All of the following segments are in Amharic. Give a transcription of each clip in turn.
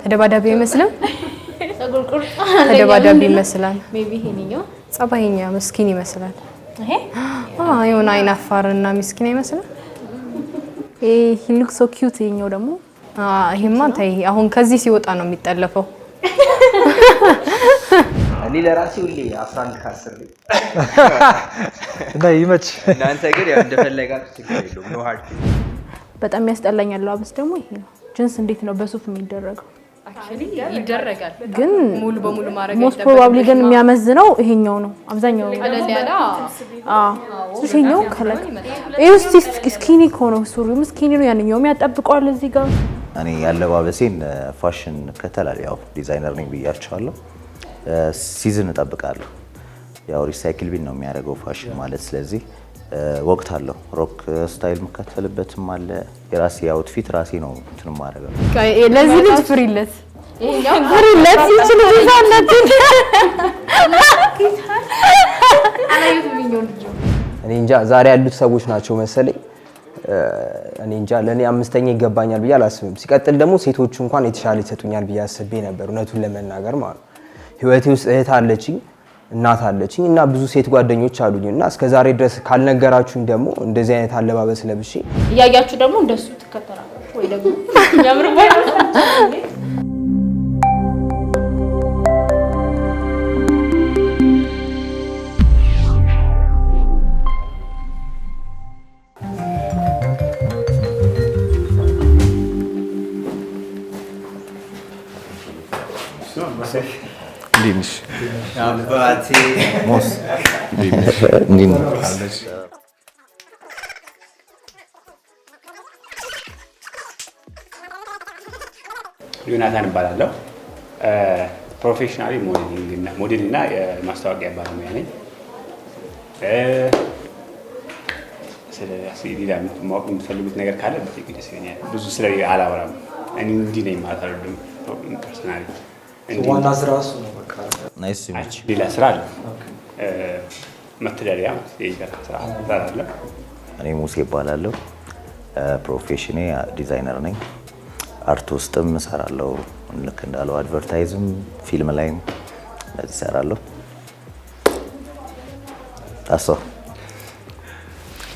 ተደባዳቢ አይመስልም? ተደባዳቢ ይመስላል። ጸባይኛ ምስኪን ይመስላል። የሆነ አይን አፋር እና ምስኪን አይመስልም? ሉክ ሶ ኪዩት። ይኸኛው ደግሞ ይሄማ ታይ አሁን ከዚህ ሲወጣ ነው የሚጠለፈው። እኔ ለራሴ ሁሌ 11 ከአስር ነኝ እና ይመች። እናንተ ግን ያው እንደፈለጋችሁ ችግር የለውም። በጣም ያስጠላኛል። አብስ ደግሞ ይሄ ነው ጅንስ እንዴት ነው በሱፍ የሚደረገው? ይደረጋል፣ ግን ሙሉ በሙሉ ማድረግ ሞስት ፕሮባብሊ ግን የሚያመዝነው ይሄኛው ነው። አብዛኛው ይሄኛው ከላይ ይኸው ስኪኒ ከሆነ ሱሪውም ስኪኒ ነው፣ ያንኛውም ያጠብቀዋል። እዚህ ጋር እኔ ያለባበሴን ፋሽን ከተላል ያው ዲዛይነር ነኝ ብያቸዋለሁ። ሲዝን እጠብቃለሁ። ያው ሪሳይክል ቢን ነው የሚያደርገው ፋሽን ማለት ስለዚህ ወቅት አለው። ሮክ ስታይል የምከተልበትም አለ። የራሴ አውትፊት ራሴ ነው እንትን ማረገ ለዚህ ልጅ ፍሪለት ፍሪለት ይችል ዛነት እኔ እንጃ ዛሬ ያሉት ሰዎች ናቸው መሰለኝ። እኔ እንጃ ለእኔ አምስተኛ ይገባኛል ብዬ አላስብም። ሲቀጥል ደግሞ ሴቶቹ እንኳን የተሻለ ይሰጡኛል ብዬ አስቤ ነበር እውነቱን ለመናገር ማለት ነው። ህይወቴ ውስጥ እህት አለችኝ እናት አለችኝ እና ብዙ ሴት ጓደኞች አሉኝ እና እስከ ዛሬ ድረስ ካልነገራችሁኝ ደግሞ እንደዚህ አይነት አለባበስ ለብሼ እያያችሁ ደግሞ እንደሱ ትከተላላችሁ ወይ ደግሞ እንዲህ ነው። ዮናታን እባላለሁ። ፕሮፌሽናሊ ሞዴል እና የማስታወቂያ ባለሙያ ነኝ። ስለሌላ ማወቅ የምትፈልጉት ነገር ካለ በትግ ደስ ይለኛል። ብዙ ስለ አላወራም። እኔ እንዲህ ነኝ ማለት አልወድም። ፐርሰናሊ ዋና ስራ እሱ ነው። ሌላ ስራ አለ መተዳደሪያ ይሰራለ። እኔ ሙሴ እባላለሁ። ፕሮፌሽኔ ዲዛይነር ነኝ። አርት ውስጥም እሰራለሁ። ልክ እንዳለው አድቨርታይዝም፣ ፊልም ላይም እንደዚህ እሰራለሁ። ጣሶ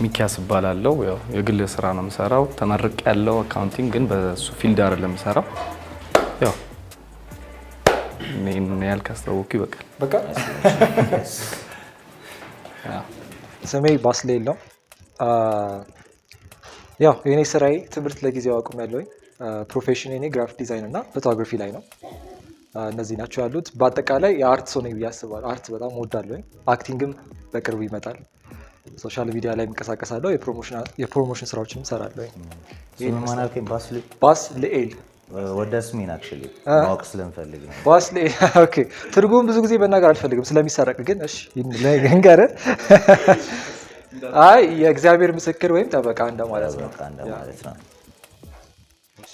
ሚኪያስ እባላለሁ። ያው የግል ስራ ነው የምሰራው። ተመርቅ ያለው አካውንቲንግ ግን በሱ ፊልድ አይደለም የምሰራው። ያው እኔን ያህል ካስታወኩ ይበቃል። በቃ ስሜ ባስሌል ነው። ያው የኔ ስራዬ ትምህርት ለጊዜው አቁም ያለውኝ ፕሮፌሽን የኔ ግራፊክ ዲዛይን እና ፎቶግራፊ ላይ ነው። እነዚህ ናቸው ያሉት። በአጠቃላይ የአርት ሰው ነኝ ብዬ አስባለሁ። አርት በጣም ወዳለኝ። አክቲንግም በቅርቡ ይመጣል። ሶሻል ሚዲያ ላይ የምንቀሳቀሳለሁ። የፕሮሞሽን ስራዎችንም ሰራለኝ። ባስ ልኤል ወደስሚን አክቹሊ ማወቅ ስለምፈልግ ኦኬ ትርጉም ብዙ ጊዜ መናገር አልፈልግም ስለሚሰረቅ፣ ግን እሺ አይ የእግዚአብሔር ምስክር ወይም ጠበቃ እንደማለት ነው።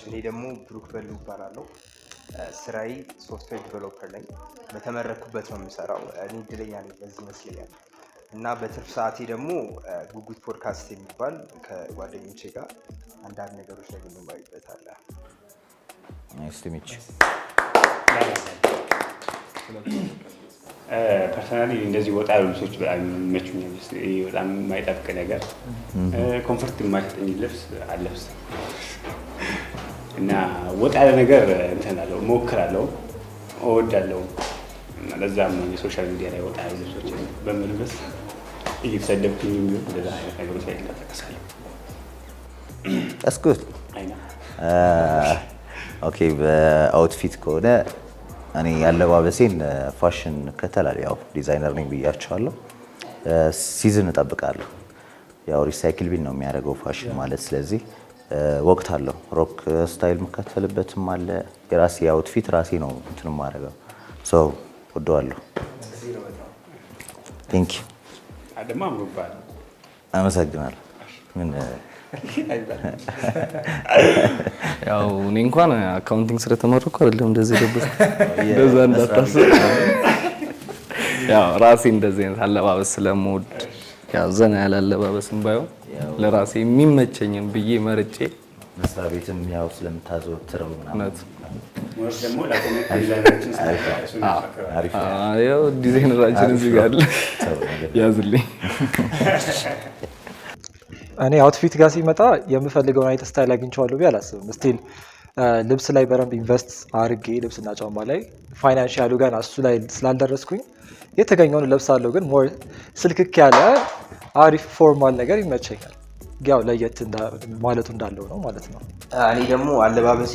እኔ ደግሞ ብሩክ በሉ እባላለሁ። ስራዬ ሶፍትዌር ዲቨሎፐር ነኝ። በተመረኩበት ነው የምሰራው። እኔ እድለኛ ነኝ በዚህ እና በትርፍ ሰዓቴ ደግሞ ጉጉት ፖድካስት የሚባል ከጓደኞቼ ጋር አንዳንድ ነገሮች ላይ Nice to ፐርሰናሊ እንደዚህ ወጣ ያሉ ልብሶች በጣም ይመቹኛል። በጣም የማይጠብቅ ነገር ኮንፈርት የማይሰጠኝ ልብስ አለብስ እና ወጣ ያለ ነገር እንትን አለው እሞክራለሁ፣ ለዛም የሶሻል ሚዲያ ላይ ወጣ ያሉ ልብሶች በመልበስ እየተሰደብኩኝ ቢሆን እንደዛ አይነት ነገሮች ላይ እንቀሳቀሳለሁ። ስኩል ኦኬ በአውትፊት ከሆነ እኔ ያለባበሴን ፋሽን ከተላል ያው ዲዛይነር ነኝ ብያቸዋለሁ። ሲዝን እጠብቃለሁ። ያው ሪሳይክል ቢን ነው የሚያደርገው ፋሽን ማለት ስለዚህ ወቅት አለው። ሮክ ስታይል የምከተልበትም አለ። የራሴ አውትፊት ራሴ ነው እንትን የማደርገው። ሰው ወደዋለሁ። ቴንክ አመሰግናለሁ። ምን ያው እኔ እንኳን አካውንቲንግ ስለተመረኩ አይደለም እንደዚህ ደብስ እንደዛ እንዳታስብ። ያው ራሴ እንደዚህ አይነት አለባበስ ስለምወድ ያው ዘና ያለ አለባበስም ባይሆን ለራሴ የሚመቸኝን ብዬ መርጬ መስሪያ ቤትም ያው ስለምታዘወትረው ምናምን ዲዛይነራችን እዚህ ጋር ያዝልኝ። እኔ አውትፊት ጋር ሲመጣ የምፈልገውን አይነት ስታይል አግኝቼዋለሁ ብዬ አላስብም። ስቲል ልብስ ላይ በደንብ ኢንቨስት አርጌ ልብስና ጫማ ላይ ፋይናንሽያሉ ጋር እሱ ላይ ስላልደረስኩኝ የተገኘውን ለብሳለሁ። ግን ሞር ስልክክ ያለ አሪፍ ፎርማል ነገር ይመቸኛል። ያው ለየት ማለቱ እንዳለው ነው ማለት ነው። እኔ ደግሞ አለባበሴ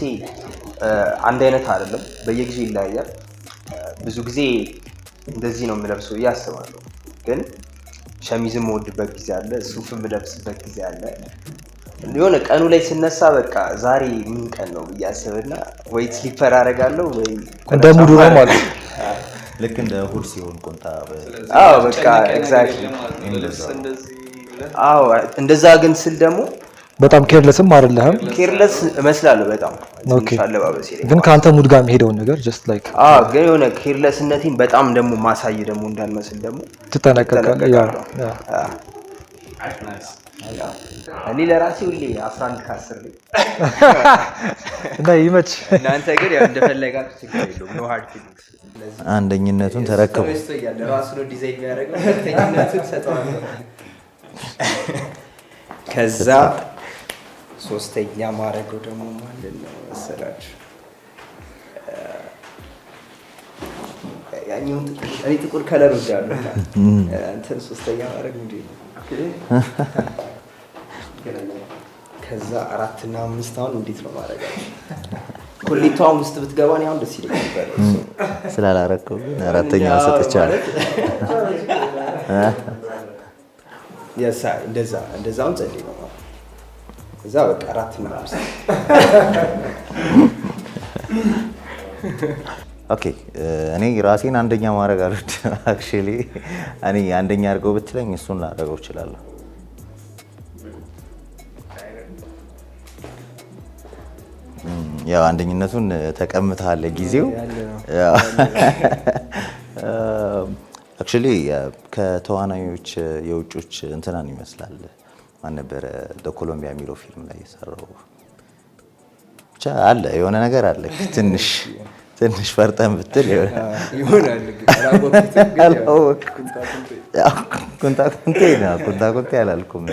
አንድ አይነት አይደለም፣ በየጊዜው ይለያያል። ብዙ ጊዜ እንደዚህ ነው የምለብሰው ብዬ አስባለሁ ግን ሸሚዝ ወድበት ጊዜ አለ፣ ሱፍ ለብስበት ጊዜ አለ። የሆነ ቀኑ ላይ ስነሳ በቃ ዛሬ ምን ቀን ነው ብዬ አስብና ወይ ስሊፐር አደርጋለሁ ወይ እንደ ሙዱ ነው ማለት ልክ እንደ እሑድ ሲሆን ቁምጣ በቃ ኤግዛክትሊ። አዎ እንደዛ ግን ስል ደግሞ በጣም ኬርለስም አይደለህም። ኬርለስ እመስላለሁ በጣም አለባበሴ ግን ከአንተ ሙድ ጋር የሚሄደውን ነገር ጀስት ላይክ ግን የሆነ ኬርለስነቴን በጣም ደግሞ ማሳይ ደግሞ እንዳልመስል ደግሞ ትጠነቀቃለህ። እኔ ለራሴ ሁሌ አስራ አንድ ከአስር ላይ እና ይመች። እናንተ ግን እንደፈለጋችሁ ችግር የለውም። ኖ ሃርድ ፊሊንግስ። አንደኝነቱን ተረከቡ። ነው ዲዛይን የሚያደርገው። ሁለተኝነቱን ሰጠዋለሁ ከዛ ሶስተኛ ማድረገው ደግሞ ማለት ነው መሰላችሁ እኔ ጥቁር ከለር ወዳለሁ። እንትን ሶስተኛ ማድረግ እንዲ ነው። ከዛ አራትና አምስት አሁን እንዴት ነው ማድረግ ኮሌቷ ውስጥ ብትገባ እኔ አሁን ደስ ይለኝ ነበር። ስላላረከው ግን አራተኛ ሰጥቻለሁ። እንደዛ እንደዛውን ጸልይ ነው ማለት እዛ በቃ አራት ኦኬ እኔ ራሴን አንደኛ ማድረግ አሉት። አክቹዋሊ እኔ አንደኛ አድርገው ብትለኝ እሱን ላደርገው እችላለሁ። ያው አንደኝነቱን ተቀምተሃል ጊዜው አክቹዋሊ ከተዋናዮች የውጮች እንትናን ይመስላል ማን ነበረ ኮሎምቢያ የሚለው ፊልም ላይ የሰራው ብቻ አለ የሆነ ነገር አለ። ትንሽ ትንሽ ፈርጠን ብትል ኩንታኩንቴ ኩንታኩንቴ አላልኩም።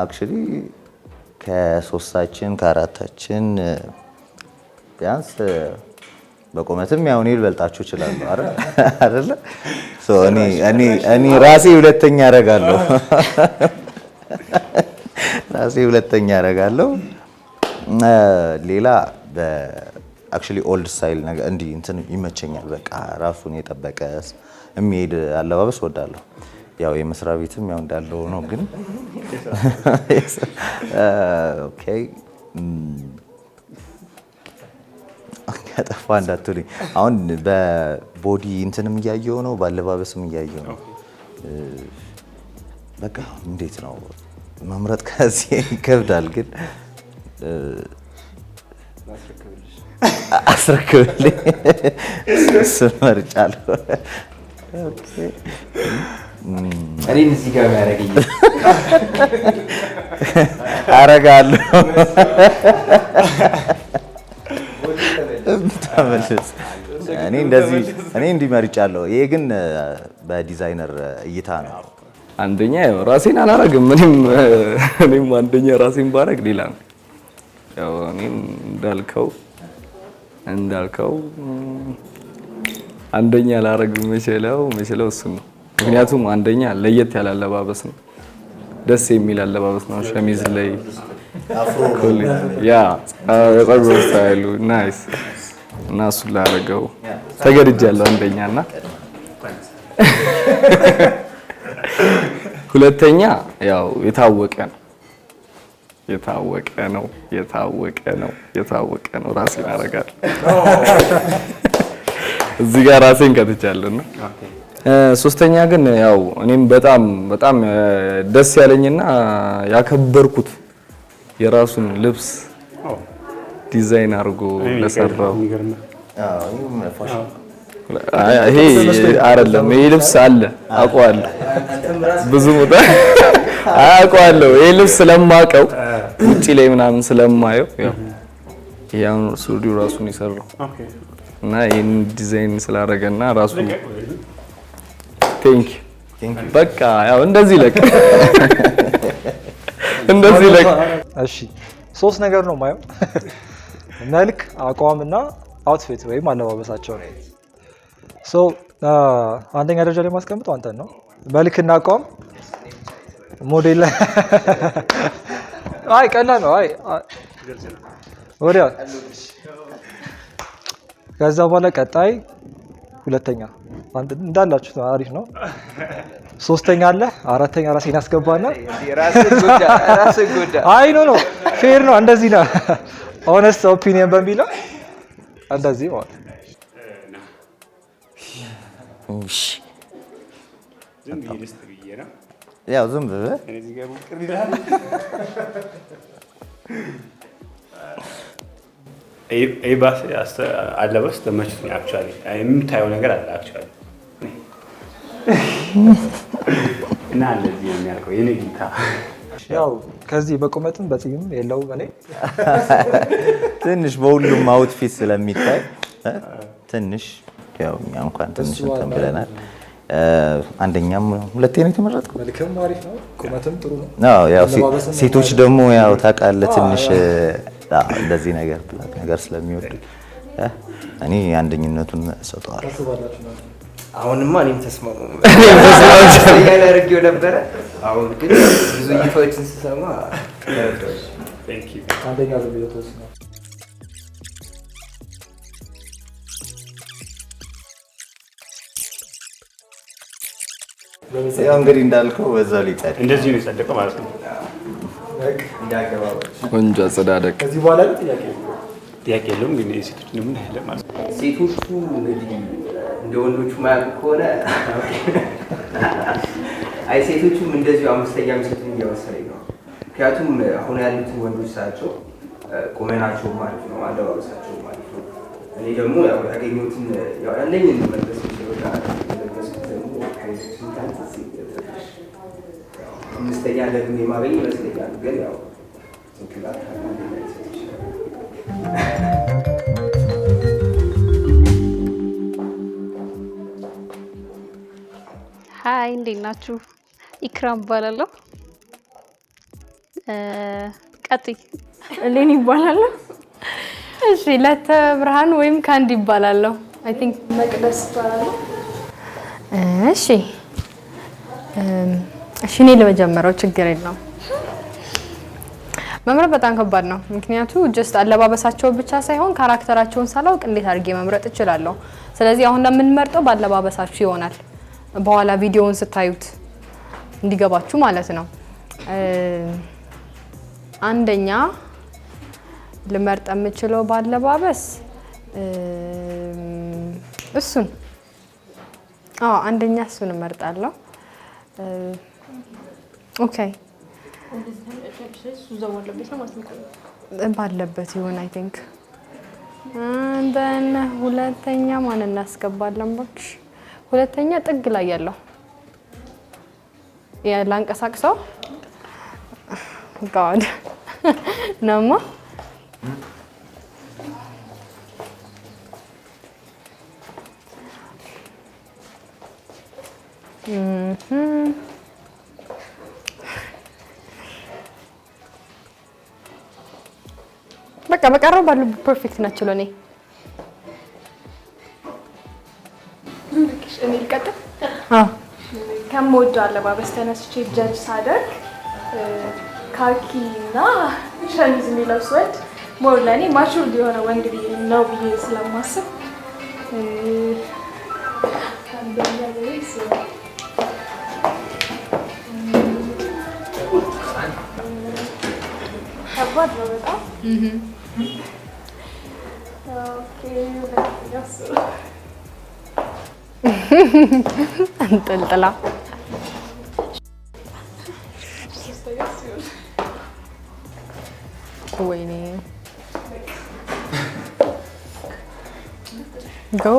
አክቹዋሊ ከሶስታችን ከአራታችን ቢያንስ በቁመትም ያው እኔ ልበልጣችሁ እችላለሁ አይደለ? እኔ ራሴ ሁለተኛ አደርጋለሁ ራሴ ሁለተኛ አደርጋለሁ። ሌላ አክቹዋሊ ኦልድ ስታይል ነገር እንዲህ እንትን ይመቸኛል። በቃ ራሱን የጠበቀ የሚሄድ አለባበስ ወዳለሁ። ያው የመስሪያ ቤትም ያው እንዳለው ነው ግን ኦኬ ያጠፋ እንዳትሉኝ። አሁን በቦዲ እንትንም እያየው ነው፣ በአለባበስም እያየው ነው። በቃ እንዴት ነው መምረጥ ከዚህ ይከብዳል፣ ግን አስረክብልኝ ስመርጫለሁ። እኔን እዚህ ጋር ያደረገኝ አረጋለሁ እኔ እንደዚህ እኔ እንዲህ መርጫለሁ። ይሄ ግን በዲዛይነር እይታ ነው። አንደኛ ያው ራሴን አላረግም። እኔም እኔም አንደኛ ራሴን ባረግ ሌላ ነው። ያው እኔም እንዳልከው እንዳልከው አንደኛ ላረግ የምችለው የምችለው እሱን ነው። ምክንያቱም አንደኛ ለየት ያለ አለባበስ ነው፣ ደስ የሚል አለባበስ ነው። ሸሚዝ ላይ ያ ፀጉር ስታይሉ ናይስ እና እሱን ላደረገው ተገድጃለሁ። አንደኛ እና ሁለተኛ ያው የታወቀ ነው የታወቀ ነው የታወቀ ነው የታወቀ ነው። ራሴን አደርጋለሁ እዚህ ጋር ራሴን ከትቻለሁ እና ሶስተኛ ግን ያው እኔም በጣም በጣም ደስ ያለኝና ያከበርኩት የራሱን ልብስ ዲዛይን አድርጎ ለሰራው ይሄ አይደለም። ይሄ ልብስ አለ አውቀዋለሁ፣ ብዙ ቦታ አውቀዋለሁ። ይሄ ልብስ ስለማውቀው ውጪ ላይ ምናምን ስለማየው ያው ስቱዲዮ ራሱን የሰራው እና ይሄን ዲዛይን ስላደረገና ራሱ ቴንክ በቃ ያው እንደዚህ ለቅ እንደዚህ ለቅ። እሺ ሶስት ነገር ነው ማየው መልክ፣ አቋምና አውትፊት ወይም አለባበሳቸው ነው። ሶ አንደኛ ደረጃ ላይ ማስቀምጠው አንተን ነው። መልክና አቋም ሞዴል ላይ አይ ቀላል ነው። አይ ወዲያ ከዛ በኋላ ቀጣይ ሁለተኛ እንዳላችሁ አሪፍ ነው። ሶስተኛ አለ፣ አራተኛ ራሴን አስገባና አይ ኖ ኖ ፌር ነው እንደዚህ ነው። ኦነስት ኦፒኒየን በሚለው እንደዚህ ማለት ያው ዝም ብለህ ኤባስ አለባበስ ተመችቶኝ አክቹዋሊ የምታየው ነገር አለ አክቹዋሊ እና እንደዚህ ነው የሚያልከው የኔ ጌታ ያው ከዚህ በቁመትም በጥይም የለው በላይ ትንሽ በሁሉም አውትፊት ስለሚታይ ትንሽ ያው እኛ እንኳን ትንሽ እንትን ብለናል። አንደኛም ሁለቴ ነው የተመረጥኩት። ሴቶች ደግሞ ያው ታውቃለህ ትንሽ እንደዚህ ነገር ነገር ስለሚወዱ እኔ አንደኝነቱን ሰጠዋል። አሁንማ እኔም ተስማሙ ያለ አድርጌው ነበረ። አሁን ግን ብዙ እይታዎችን ስሰማ አንደኛ ያው እንግዲህ እንዳልከው በዛ ሊጸድቅ እንደዚህ ነው የጸደቀው ማለት ነው። ቆንጆ አጸዳደቅ። ከዚህ በኋላ ጥያቄ የለውም። ሴቶች ሴቶቹ እንደ ወንዶቹ ማያውቁ ከሆነ አይ ሴቶቹም እንደዚሁ አምስተኛ ሚሰቱን እያመሰለኝ ነው። ምክንያቱም አሁን ያሉትን ወንዶች ሳያቸው ቁመናቸው ማለት ነው፣ አለባበሳቸው ማለት ነው። እኔ ደግሞ ያገኘትን ያለኝ እንመለስ አምስተኛ ደግሞ የማገኝ ይመስለኛል ግን ያው አይ እንዴት ናችሁ? ኢክራም እባላለሁ። ቀጥይ። ሌን ይባላለሁ። እሺ፣ ለተ ብርሃን ወይም ካንድ ይባላለሁ። አይ ቲንክ መቅደስ ይባላለሁ። እሺ፣ እሺ፣ እኔ ለመጀመሪያው ችግር የለውም። መምረጥ በጣም ከባድ ነው። ምክንያቱ ጀስት አለባበሳቸው ብቻ ሳይሆን ካራክተራቸውን ሳላውቅ እንዴት አድርጌ መምረጥ እችላለሁ? ስለዚህ አሁን ለምንመርጠው በአለባበሳችሁ ይሆናል። በኋላ ቪዲዮውን ስታዩት እንዲገባችሁ ማለት ነው። አንደኛ ልመርጥ የምችለው ባለባበስ እሱን አዎ፣ አንደኛ እሱን እመርጣለሁ። ኦኬ ባለበት ይሁን። አይ ቲንክ። ሁለተኛ ማን እናስገባለን? እባክሽ ሁለተኛ ጥግ ላይ ያለው ላንቀሳቅሰው ጋድ ነማ በቃ በቀረው ባሉ ፐርፌክት ናቸው ለእኔ። ከምወደው አለባበስ ተነስቼ ጀጅ ሳደርግ ካኪ እና ሸሚዝ የሚለብስ ወንድ ሞር ለእኔ ማቹር የሆነ ወንድ ነው ብዬ ስለማስብ ከባድ ነው በጣም። አንጠልጥላ spokojný. Go!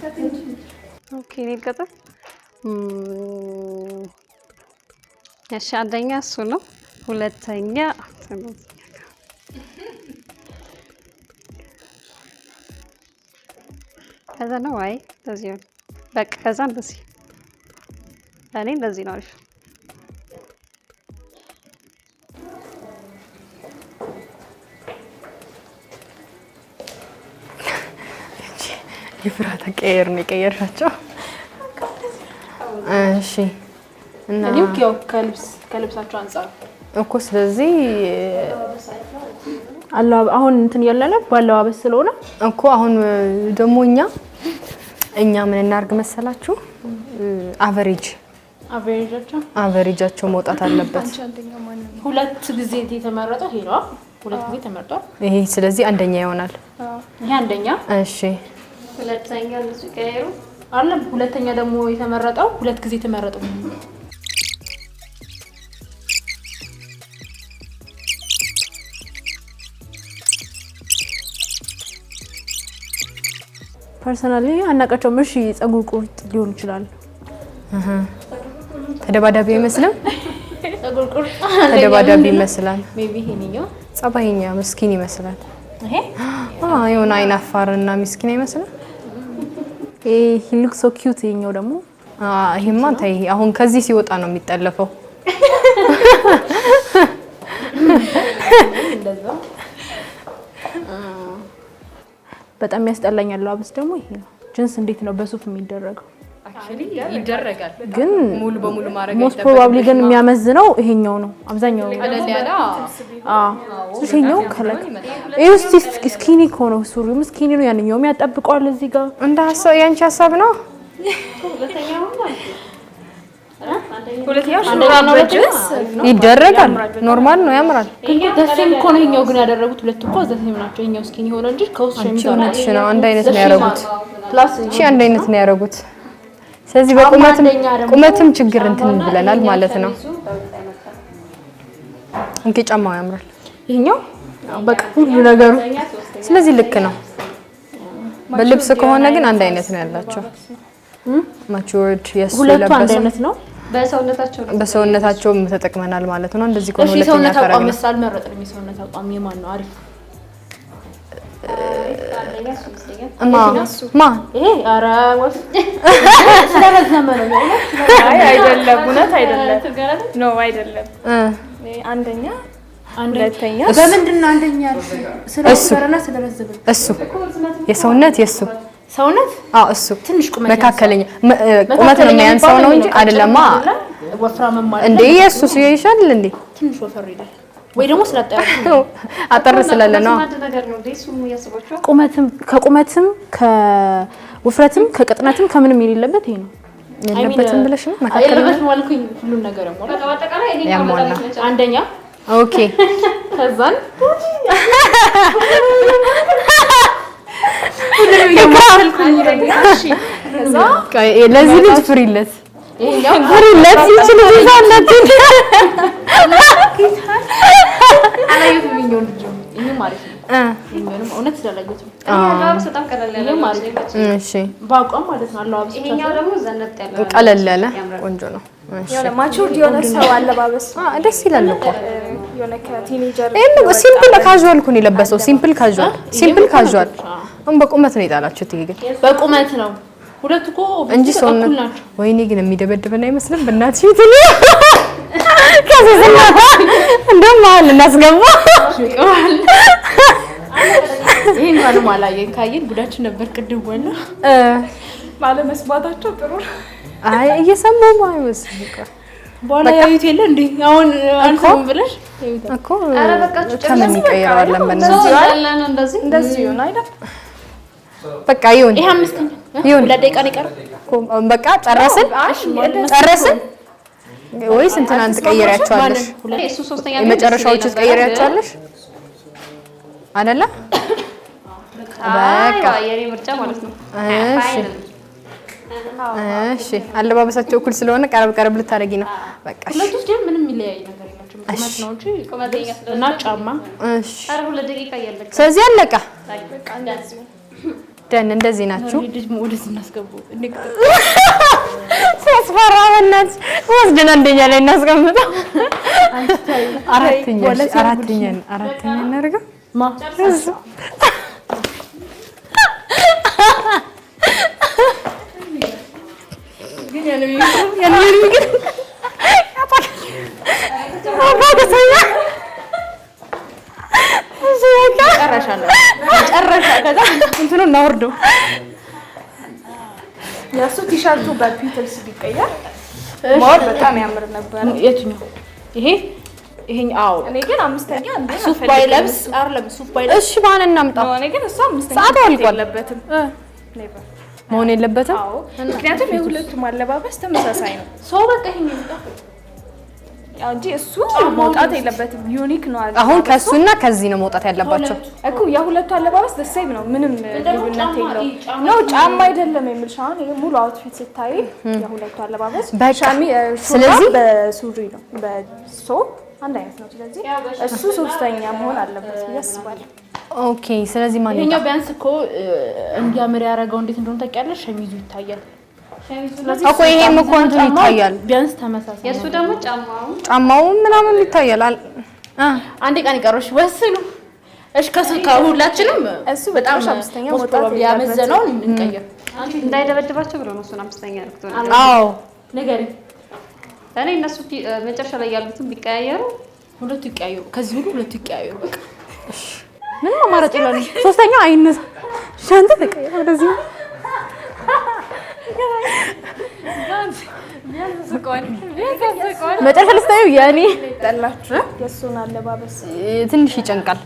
ቅጠል እሺ፣ አንደኛ እሱ ነው። ሁለተኛ ከዛ ነው። አይ በዚህ በቃ ከዛ እንደዚህ እኔ እንደዚህ ነው አሪፍ የፍርሃት አቀያየር ነው የቀየርሻቸው? እሺ። እና ያው ከልብስ ከልብሳቸው አንጻር እኮ ስለዚህ አሁን እንትን ያለለ ባለባበስ ስለሆነ እኮ አሁን ደግሞ እኛ እኛ ምን እናርግ መሰላችሁ? አቨሬጅ አቨሬጃቸው መውጣት አለበት። ሁለት ጊዜ የተመረጠ ሁለት ጊዜ ተመርጧል። ይሄ ስለዚህ አንደኛ ይሆናል። ይሄ አንደኛ። እሺ ሁለተኛ እነሱ ቀይሩ አይደለም። ሁለተኛ ደግሞ የተመረጠው ሁለት ጊዜ የተመረጠው ፐርሰናሊ አናቃቸው እሺ ጸጉር ቁርጥ ሊሆን ይችላል። ተደባዳቢ አይመስልም? ጸጉር ቁርጥ ተደባዳቢ ይመስላል። ጸባይኛ ምስኪን ይመስላል። አይ የሆነ አይናፋርና ምስኪን አይመስልም? ይሄ ሉክ ሶ ኪዩት። ይሄኛው ደግሞ ይሄማ ታይ አሁን ከዚህ ሲወጣ ነው የሚጠለፈው። በጣም ያስጠላኛል። አብስ ደግሞ ይሄ ጅንስ እንዴት ነው በሱፍ የሚደረገው? ይደረጋል፣ ግን ሙሉ በሙሉ ማድረግ ሞስት ፕሮባብሊ ግን የሚያመዝነው ይሄኛው ነው። አብዛኛው ይሄኛው ስኪኒ ከሆነ ሱሪውም ስኪኒ ነው፣ ያንኛውም ያጠብቀዋል። እዚህ ጋር እንደ ሀሳብ ሀሳብ ነው። ይደረጋል ኖርማል ነው፣ ያምራል። ዘሴም እኮ ነው ይኸኛው ግን ያደረጉት ሁለት እኮ ዘሴም ናቸው። ይኸኛው እስኪ ሆነ እንጂ ከውስጥ አንድ አይነት ነው ያደረጉት። አንድ አይነት ነው ያደረጉት። ስለዚህ በቁመትም ቁመትም ችግር እንትን ብለናል ማለት ነው። እንኪ ጫማው ያምራል ይሄኛው በቃ ሁሉ ነገሩ ስለዚህ ልክ ነው። በልብስ ከሆነ ግን አንድ አይነት ነው ያላቸው ማቹርድ የሱ ሁለቱ አንድ አይነት ነው። በሰውነታቸው በሰውነታቸውም ተጠቅመናል ማለት ነው። እንደዚህ ከሆነ ሁለተኛ ተራ ነው። አሪፍ አንደኛ እሱ የሰውነት የሱ ሰውነት አዎ፣ እሱ ትንሽ ቁመት መካከለኛ ቁመት ነው የሚያንሰው ነው እንጂ አይደለማ። ወፍራም እንዴ የሱ ሲይሻል እንዴ ትንሽ ወፈር ይላል። ወይ ደግሞ ስለጣያችሁ አጠር ስላለ ነው። ቁመትም ከቁመትም ከውፍረትም ከቅጥነትም ከምንም የሌለበት ይሄ ነው የለበትም ብለሽ ነው መካከለበት ማለኩኝ ሁሉን ነገር ያሟላ አንደኛ። ኦኬ ከዛን ለዚህ ልጅ ፍሪለት ፍሪለት ይችላል ቀለል ያለ ማለት ነው። እሺ ነው። አለባበስ ይሄኛው ደግሞ ቆንጆ ነው። ሲምፕል ካዡዋል እኮ ነው የለበሰው። ሲምፕል ካዡዋል፣ ሲምፕል ካዡዋል። አሁን በቁመት ነው የጣላችሁት። ይሄ ግን በቁመት ነው ሁለት እኮ እንጂ ሰውነት። ወይኔ ግን የሚደበድበን አይመስልም በእናትሽ ትልይ ከሰሰማ እንደውም አሁን እናስገባ ይሄን ማለት አላየን ካየን ጉዳችን ነበር። ቅድም ወላ ባለመስማታቸው ጥሩ አይ እየሰሙ አይመስልም። በኋላ ያዩት የለ እንዴ? አሁን አንተም ብለሽ እኮ አረ በቃ ተመን እንደዚህ እንደዚህ ይሆን አይደል? በቃ ይሁን። ይሄ አምስተኛ ነው የቀረው። በቃ ጨረስን ጨረስን ወይስ እንትናን ትቀይሪያቸዋለሽ? የመጨረሻዎቹ ትቀይሪያቸዋለሽ አይደለ? በቃ የኔ ምርጫ ማለት ነው። እሺ እሺ አለባበሳቸው እኩል ስለሆነ ቀረብ ቀረብ ልታደርጊ ነው። በቃ ውስጥ ምንም ይለያይ ነገር እሺ አረ ሁለት ደቂቃ ያለቀ። ስለዚህ አለቀ። ደን እንደዚህ ናችሁ። ሲያስፈራ በእናትሽ ወስደን አንደኛ ላይ እናስቀምጠው። አራተኛ አራተኛ አራተኛ እናድርገው። ጨረሻ እንትኑን እናወርደው ያሱ ቲሸርቱ በፒትልስ ቢቀየር ማወር በጣም ያምር ነበር። የትኛው ይሄ? ይሄኝ አዎ፣ እኔ ግን አምስተኛ ሱፍ ባይለብስ አይደለም ሱፍ ባይለብስ እሺ፣ ማን እናምጣ? እኔ ግን እሱ አምስተኛ ሰዓት አለበትም የለበትም መሆን የለበትም። ምክንያቱም የሁለቱም አለባበስ ተመሳሳይ ነው። ሰው በቃ ይሄን ይምጣ ያው እንጂ እሱ መውጣት የለበትም። ዩኒክ ነው አለ። አሁን ከሱና ከዚህ ነው መውጣት ያለባቸው እኮ የሁለቱ አለባበስ ደሴም ነው፣ ምንም ልዩነት የለው። ነው ጫማ አይደለም የምልሽ። አሁን ይሄ ሙሉ አውትፊት ስታይ የሁለቱ አለባበስ በሻሚ ስለዚህ በሱሪ ነው በሶፕ አንድ አይነት ነው። ስለዚህ እሱ ሶስተኛ መሆን አለበት ብዬ ኦኬ። ስለዚህ ማን ነው ቢያንስ እኮ እንዲያምር ያደረገው እንዴት እንደሆነ ታውቂያለሽ? ሸሚዙ ይታያል እኮ ይሄም እኮ እንትኑ ይታያል። ቢያንስ ተመሳሳይ የእሱ ደግሞ ጫማው ጫማው ምናምን ይታያል። አንድ ቀን ይቀርሽ ወስኑ። እሺ ከሁላችንም እሱ በጣም አምስተኛ ወጣት ያመዘነው እንቀየር። እንዳይደበድባቸው ብሎ ነው እሱን አምስተኛ ያልኩት። አዎ ነገር እኔ እነሱ መጨረሻ ላይ ያሉትን ቢቀያየሩ ሁለቱ ይቀያየሩ፣ ከዚህ ሁሉ ሁለቱ ይቀያየሩ። በቃ ምንም አማራጭ የለም። ሶስተኛው አይነሳ ሻንተ ተቀየረ ወደዚህ መጨረሻ ልስታዩ የእኔ ጠላችሁ የእሱን አለባበስ ትንሽ ይጨንቃል።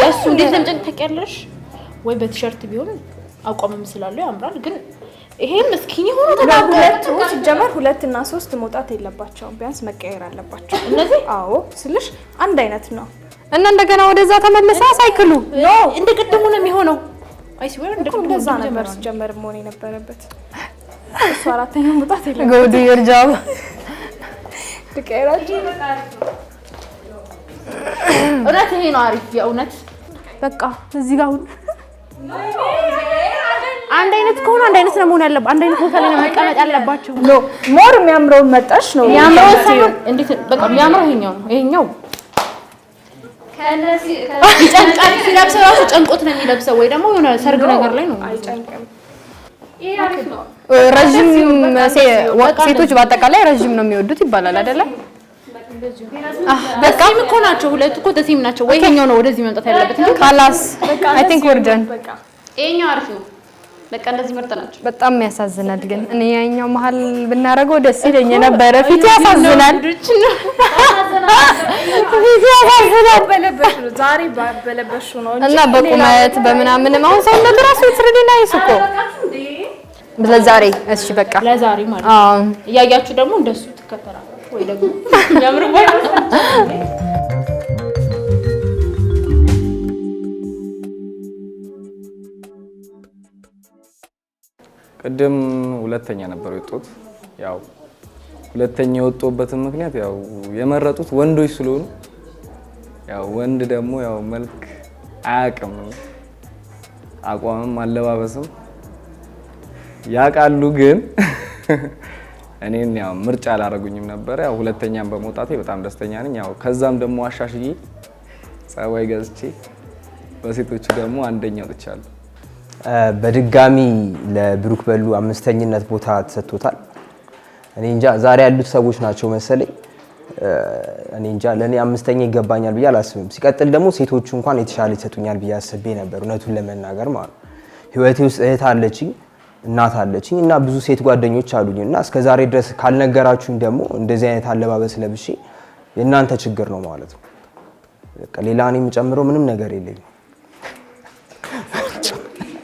የእሱ እንዴት እንደምጨንቅ ታውቂያለሽ ወይ? በቲሸርት ቢሆን አቋምም ስላለው ያምራል ግን ይሄም እስኪኝ ሆኖ ተባብለቱ ሲጀመር ሁለት እና ሶስት መውጣት የለባቸውም። ቢያንስ መቀየር አለባቸው። እነዚህ አዎ ስልሽ አንድ አይነት ነው እና እንደገና ወደዛ ተመለሰ ሳይክሉ እንደ ቅድሙ ነው የሚሆነው እንደዛ ነበር ሲጀመር መሆን የነበረበት። እሱ አራተኛ መውጣት የለም ጎዱ የእርጃማ እውነት ይሄ ነው አሪፍ። የእውነት በቃ እዚህ ጋር አንድ አይነት ከሆነ አንድ አይነት ነው መሆን ያለበት። አንድ አይነት ቦታ ላይ ነው መቀመጥ ያለባቸው። ሞር የሚያምረውን መጣሽ ነው የሚያምረው። ይሄኛው ነው ይሄኛው ጨንቃል ሲለብሰው ራሱ ጨንቆት ነው የሚለብሰው፣ ወይ ደግሞ የሆነ ሰርግ ነገር ላይ ነው። ረዥም ሴቶች በአጠቃላይ ረዥም ነው የሚወዱት ይባላል አይደለም? በጣም እኮ ናቸው። ሁለቱ እኮ ተሲም ናቸው። ወይ ይሄኛው ነው ወደዚህ መምጣት ያለበት። ካላስ አይ ቲንክ ወርደን ይሄኛው አሪፍ ነው። በቃ እንደዚህ ምርጥ ናቸው። በጣም ያሳዝናል ግን እኔ ያኛው መሀል ብናደርገው ደስ ይለኝ ነበረ። ፊት ያሳዝናል፣ ፊት ያሳዝናል እና በቁመት በምናምንም አሁን ሰውነት ራሱ ትርዲ ናይስ ለዛሬ። እሺ በቃ ለዛሬ ማለት እያያችሁ ደግሞ እንደሱ ትከተራለች ወይ ደግሞ ቅድም ሁለተኛ ነበር የወጡት። ያው ሁለተኛ የወጡበትን ምክንያት ያው የመረጡት ወንዶች ስለሆኑ ያው ወንድ ደግሞ ያው መልክ አያውቅም፣ አቋምም አለባበስም ያውቃሉ። ግን እኔን ያው ምርጫ አላረጉኝም ነበረ። ያው ሁለተኛም በመውጣቴ በጣም ደስተኛ ነኝ። ያው ከዛም ደግሞ አሻሽዬ ጸባይ ገዝቼ በሴቶቹ ደግሞ አንደኛ ወጥቻለሁ። በድጋሚ ለብሩክ በሉ አምስተኝነት ቦታ ተሰጥቶታል። እኔ እንጃ ዛሬ ያሉት ሰዎች ናቸው መሰለኝ። እኔ እንጃ ለእኔ አምስተኛ ይገባኛል ብዬ አላስብም። ሲቀጥል ደግሞ ሴቶቹ እንኳን የተሻለ ይሰጡኛል ብዬ አስቤ ነበር፣ እውነቱን ለመናገር ማለት ነው። ህይወቴ ውስጥ እህት አለችኝ፣ እናት አለችኝ እና ብዙ ሴት ጓደኞች አሉኝ እና እስከዛሬ ድረስ ካልነገራችሁኝ ደግሞ እንደዚህ አይነት አለባበስ ለብሼ የእናንተ ችግር ነው ማለት ነው። ሌላ እኔ የምጨምረው ምንም ነገር የለኝም።